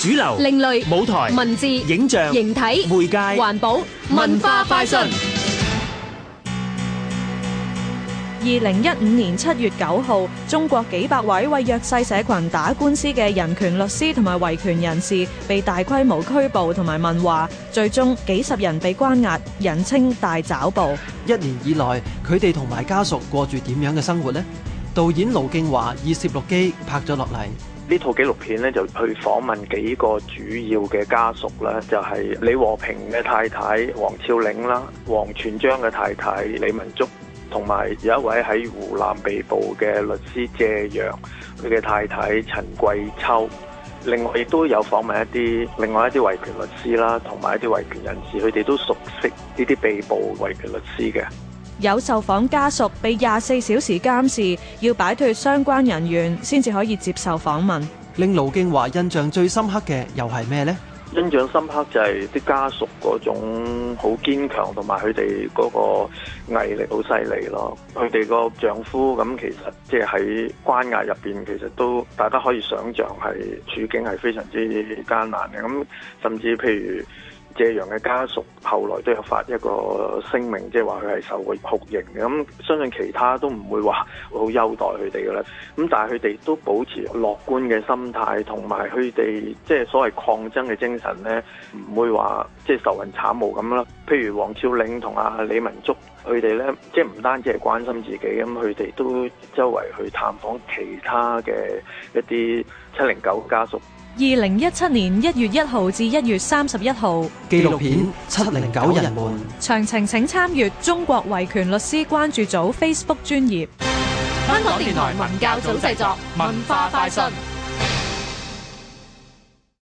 主流、另類、舞台、文字、影像、形體、媒介、環保、文化快訊。二零一五年七月九號，中國幾百位為弱勢社群打官司嘅人權律師同埋維權人士被大規模拘捕同埋問話，最終幾十人被關押，人稱大抓捕。一年以來，佢哋同埋家屬過住點樣嘅生活呢？導演盧敬華以攝錄機拍咗落嚟。呢套紀錄片咧就去訪問幾個主要嘅家屬啦，就係、是、李和平嘅太太王峭嶺啦，王全璋嘅太太李文竹，同埋有一位喺湖南被捕嘅律師謝陽，佢嘅太太陳桂秋。另外亦都有訪問一啲另外一啲維權律師啦，同埋一啲維權人士，佢哋都熟悉呢啲被捕維權律師嘅。有受訪家屬被廿四小時監視，要擺脫相關人員先至可以接受訪問。令盧敬華印象最深刻嘅又係咩呢？印象深刻就係啲家屬嗰種好堅強，同埋佢哋嗰個毅力好犀利咯。佢哋個丈夫咁，其實即係喺關押入邊，其實都大家可以想象係處境係非常之艱難嘅。咁甚至譬如。謝陽嘅家屬後來都有發一個聲明，即係話佢係受過酷刑嘅，咁相信其他都唔會話好優待佢哋嘅啦。咁但係佢哋都保持樂觀嘅心態，同埋佢哋即係所謂抗爭嘅精神咧，唔會話即係愁雲慘霧咁咯。譬如王峭嶺同阿李文足，佢哋咧即係唔單止係關心自己，咁佢哋都周圍去探訪其他嘅一啲七零九家屬。二零一七年一月一號至一月三十一號，紀錄片《七零九人們》，詳情請參閱中國維權律師關注組 Facebook 專頁。香港電台文教組製作文化快訊。